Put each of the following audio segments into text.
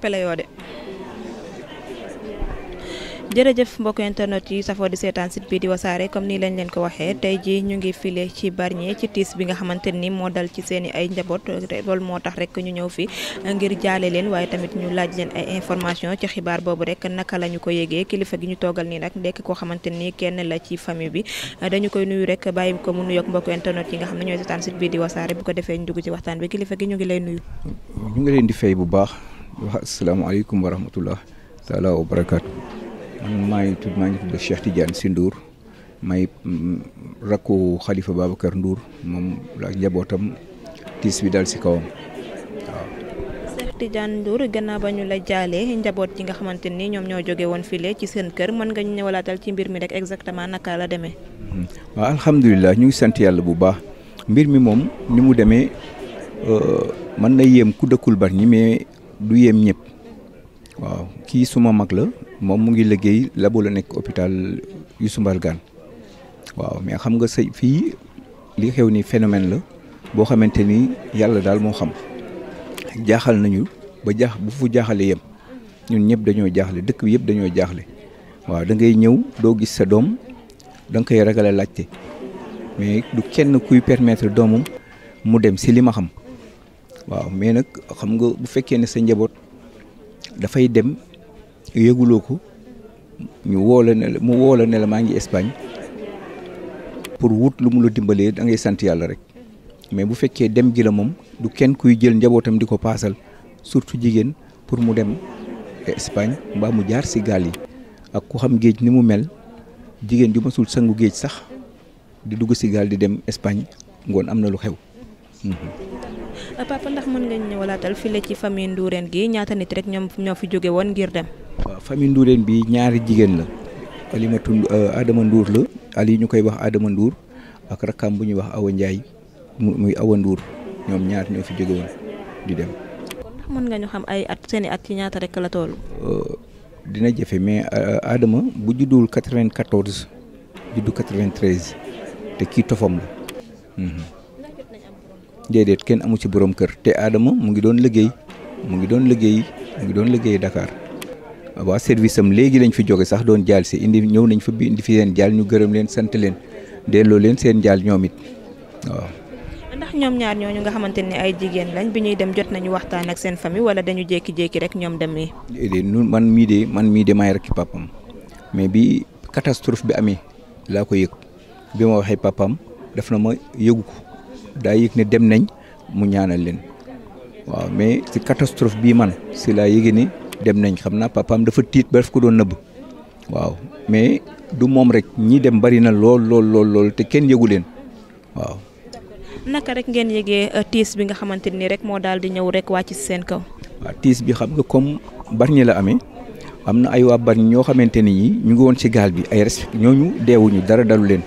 pele yoo de jërëjëf mbokk internet yi safoo di seetaan site bi di wasaare comme ni lañ leen ko waxee tey ji ñu ngi file ci Bargny ci tiis bi nga xamante ni moo dal ci seen i ay njaboot loolu moo tax rek ñu ñëw fi ngir jaale leen waaye tamit ñu laaj leen ay information ci xibaar boobu rek naka la ñu ko yégee kilifa gi ñu toogal nii nag ndekk koo xamante ni kenn la ci famille bi dañu koy nuyu rek bàyyi ko mu nuyoog mbokk internet yi nga xam ne ñooy seetaan site bi di wasaare bu ko defee ñu dugg ci waxtaan gi ñu ngi lay ngi leen di fay bu baax wax asalaamaaleykum wa rahmatullah taala wa barakaatu maa ngi tudd maa ngi tudd Cheikh Tidiane Sy Ndour may mm, rakku Khalifa Babacar Ndour moom la njabootam tiis bi daal si kawam waaw. Cheikh Tidiane Ndour gannaaw ba ñu la jaalee njaboot yi nga xamante ni ñoom ñoo joge woon file ci seen kër mën nga ñu ñëwalaatal ci mbir mi rek exactement naka la deme mm-hmm. waaw alhamdulilah ñu ngi sant yàlla bu baax mbir mi moom ni mu demee euh, mën na yéem ku dëkkul Bargny mais du yéem ñëpp waaw kii suma mag la moom mu ngi liggéey labo la nekk hôpital yu Mbargane waaw mais xam nga sëy fii li xew ni phénomène la boo xamante ni yàlla daal moo xam jaaxal nañu ba jaax bu fu jaaxale yem ñun ñëpp dañoo jaaxle dëkk bi yëpp dañoo jaaxle waaw da ngay ñëw doo gis sa doom da koy ragale laajte mais du kenn kuy permettre doomam mu dem si li ma xam waaw mais nag xam nga bu fekkee ne sa njaboot dafay dem yëguloo ko ñu woo la ne mu woo la ne la maa ngi Espagne pour wut lu mu la dimbalee da ngay sant yàlla rek mais bu fekkee dem gi la moom du kenn kuy jël njabootam di ko paasal surtout jigéen pour mu dem Espagne mbaa mu jaar si gaal yi. ak ku xam géej ni mu mel jigéen ju masul sangu géej sax di dugg si gaal di dem Espagne ngoon am na lu xew. Mhm. papa ndax mën nga ñëwalaatal waaw famille Ndourène bi ñaari jigéen la Alimatu euh, Adama nduur la Ali ñu koy wax Adama nduur ak rakkam bu ñuy wax Awa Ndiaye muy Awa nduur ñoom ñaar ñoo fi jóge woon di dem. kon mën nga ñu xam ay at seeni at ci ñaata rek la toll. Euh, dina jafe mais euh, Adama bu judduwul 94 juddu 93 te kii tofam la. Mhm. déedéet kenn amu ci borom kër te Adama mu ngi doon liggéey mu ngi doon liggéey mu ngi doon liggéey Dakar. waa service am léegi lañ fi jóge sax doon jaal si indi ñëw nañ fa bi indi fi seen jaal ñu gërëm leen sant leen delloo leen seen jaal ñoom it waaw. ndax ñoom ñaar ñooñu nga xamante ne ay jigéen lañ bi ñuy dem jot nañu waxtaan ak seen famille wala dañu jékki-jékki rek ñoom demee. déedéet ñun man mii de man mii de maay rek papam mais bi catastrophe bi amee laa ko yëg bi ma waxee papam def na ma yëgu ko daa yëg ne dem nañ mu ñaanal leen waaw mais si catastrophe bii man si laa yëgee ni dem nañ xam naa papaam dafa tiit ba daf ko doon nëbb waaw mais du moom rek ñi dem bari na lool lool lool lool te kenn yëgu leen waaw. naka rek ngeen yëge euh, tiis bi nga xamante ni rek moo daal di ñëw rek wàcc ci seen kaw. waaw bi xam nga comme ñi la amee am na ay waa Bargny ñoo xamante ni ñi ñu ngi woon ci gaal bi ay respect ñooñu deewuñu dara dalu leen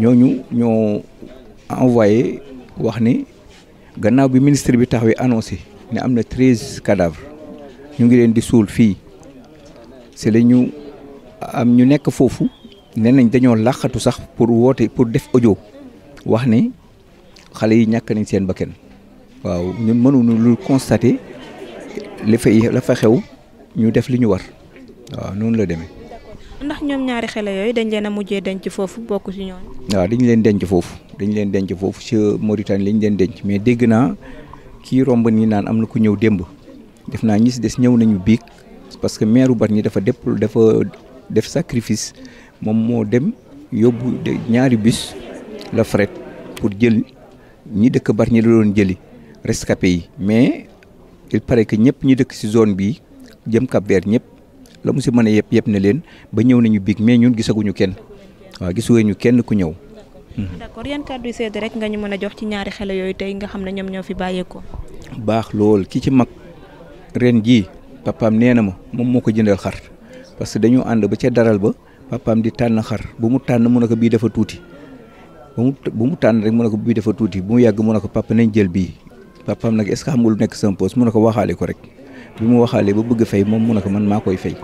ñooñu ñoo envoyé wax ni gannaaw bi ministre bi tax wi annoncé ne am na treize cadavres. ñu ngi leen di suul fii c'est la ñu am ñu nekk foofu ne nañ dañoo làqatu sax pour woote pour def audio wax ne xale yi ñàkk nañ seen bakkan waaw ñun mënuñu lu constater li la fa ñu def li ñu war waaw noonu la demee. ndax ñoom ñaari xale yooyu dañ leen a mujjee denc foofu bokk ci ñoom. waaw dañ leen denc foofu dañ leen denc foofu ci Mauritanie lañ leen denc mais dégg naa kii romb nii naan am na ko ñëw démb. def naa ñi si des ñëw nañu biig parce que bar ñi dafa dépp dafa def sacrifice moom moo dem yóbbu ñaari bus la fret pour jël ñi dëkk bar Bargny la doon jëli rescapé yi mais il pare que ñëpp ñi dëkk si zone bii jëm kabeer vert ñëpp la mu si mën a yëpp yëpp na leen ba ñëw nañu biig mais ñun gisaguñu kenn waaw gisuweeñu kenn ku ñëw. d'accord yan kàddu yu rek nga ñu mën a jox ci ñaari xele yooyu tey nga xam ne ñoom ñoo fi bàyyeekoo. baax lool ki ci mag. ren jii papaam nee na ma moom moo ko jëndal xar parce que dañoo ànd ba ca daral ba papaam di tànn xar bu mu tànn mu ne ko bii dafa tuuti bu mu bu mu tànn rek mu ne ko bii dafa tuuti bu yàgg mu ne ko papa nañ jël bii papaam nag est ce que xam nga lu nekk sama poos mu ne ko waxaale ko rek bi mu waxaalee ba bëgg fay moom mun ne ko man maa koy fay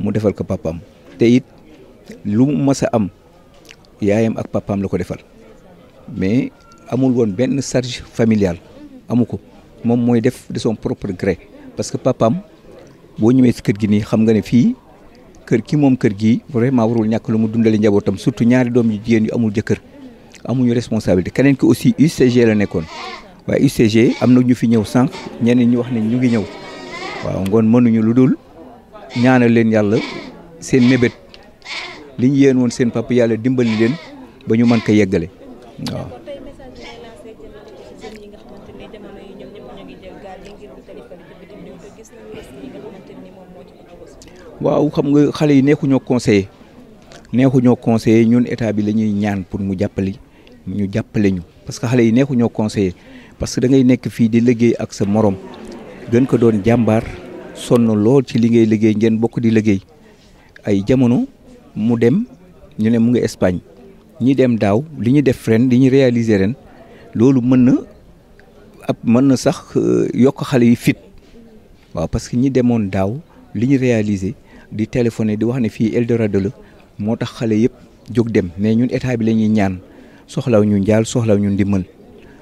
mu defal ko papaam te it lu mu mës a am yaayam ak papaam la ko defal mais amul woon benn sarge familiale amu ko moom mooy def de son propre gré. parce que papam boo ñëwee si kër gi nii xam nga ne fii kër ki moom kër gi vraiment warul ñàkk lu mu dundale njabootam surtout ñaari doom yu jigéen yu amul jëkkër amuñu responsabilité keneen ki aussi UCG la nekkoon waaye UCG am na ñu fi ñëw sànq ñeneen ñi wax na ñu ngi ñëw waaw ngoon mënuñu lu dul ñaanal leen yàlla seen mébét li ñu yéen seen papa yàlla dimbali leen ba ñu mën ko yeggale waaw. gis waaw xam nga xale yi neexuñoo conseiller neexuñoo conseiller ñun état bi lañuy ñaan pour mu jàppali ñu jàppale ñu parce que xale yi neexuñoo conseiller parce que da ngay nekk fii di liggéey ak sa morom gën ko doon jàmbaar sonn lool ci li ngay liggéey ngeen bokk di liggéey ay jamono mu dem ñu ne mu ngi Espagne ñi dem daaw li ñu def ren li ñu réaliser ren loolu mën na ab mën na sax euh, yokk xale yi fit waaw parce que ñi demoon daaw li ñu réalisé di téléphoné di wax ne fii Eldorado la moo tax xale yëpp jóg dem mais ñun état bi la ñuy ñaan soxlaw ñu njaal soxlaw ñu ndimbal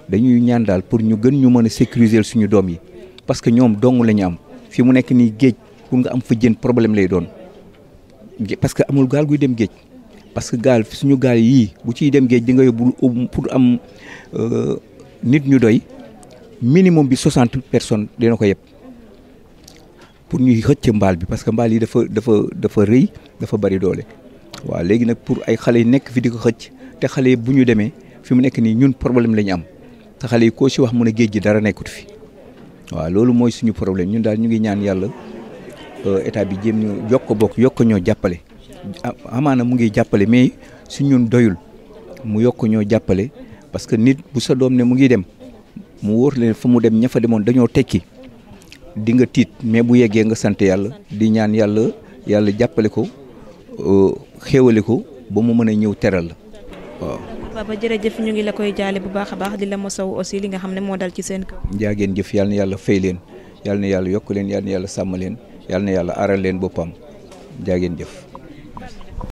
dañuy ñaan daal pour ñu gën ñu mën a sécuriser suñu doom yi parce que ñoom dong lañu am fi mu nekk nii géej pour nga am fa jën problème lay doon parce que amul gaal guy dem géej parce que gaal suñu gaal yii bu ciy dem géej di nga yóbbu um, pour am euh, nit ñu doy minimum bi soixante personnes dina ko yëpp pour ñuy xëcc mbaal bi parce que mbaal yi dafa dafa dafa rëy dafa bari doole waaw léegi nag pour ay xale yi nekk fi di ko xëcc te xale yi bu ñu demee fi mu nekk nii ñun problème la ñu am te xale yi koo si wax mu ne géej gi dara nekkut fi waaw loolu mooy suñu problème ñun daal ñu ngi ñaan yàlla euh, état bi jéem ñu yokk bokk yokk ñoo jàppale amaana mu ngi jàppale mais su ñun doyul mu yokk ñoo jàppale parce que nit bu sa doom ne mu ngi dem mu wóor leen fa mu dem ña demoon dañoo tekki di nga tiit mais bu yeggee nga sant yàlla di ñaan yàlla yàlla jàppale ko euh, xéewale ko ba mu mën a ñëw teral la waaw. Papa jërëjëf ñu ngi la koy jaale bu baax a baax di la mosaw aussi li nga xam ne moo dal ci seen kaw. jaageen jëf yal na yàlla fay leen yal na yàlla yokk leen yal yàlla sàmm leen yal na yàlla aaral leen boppam jaageen jëf.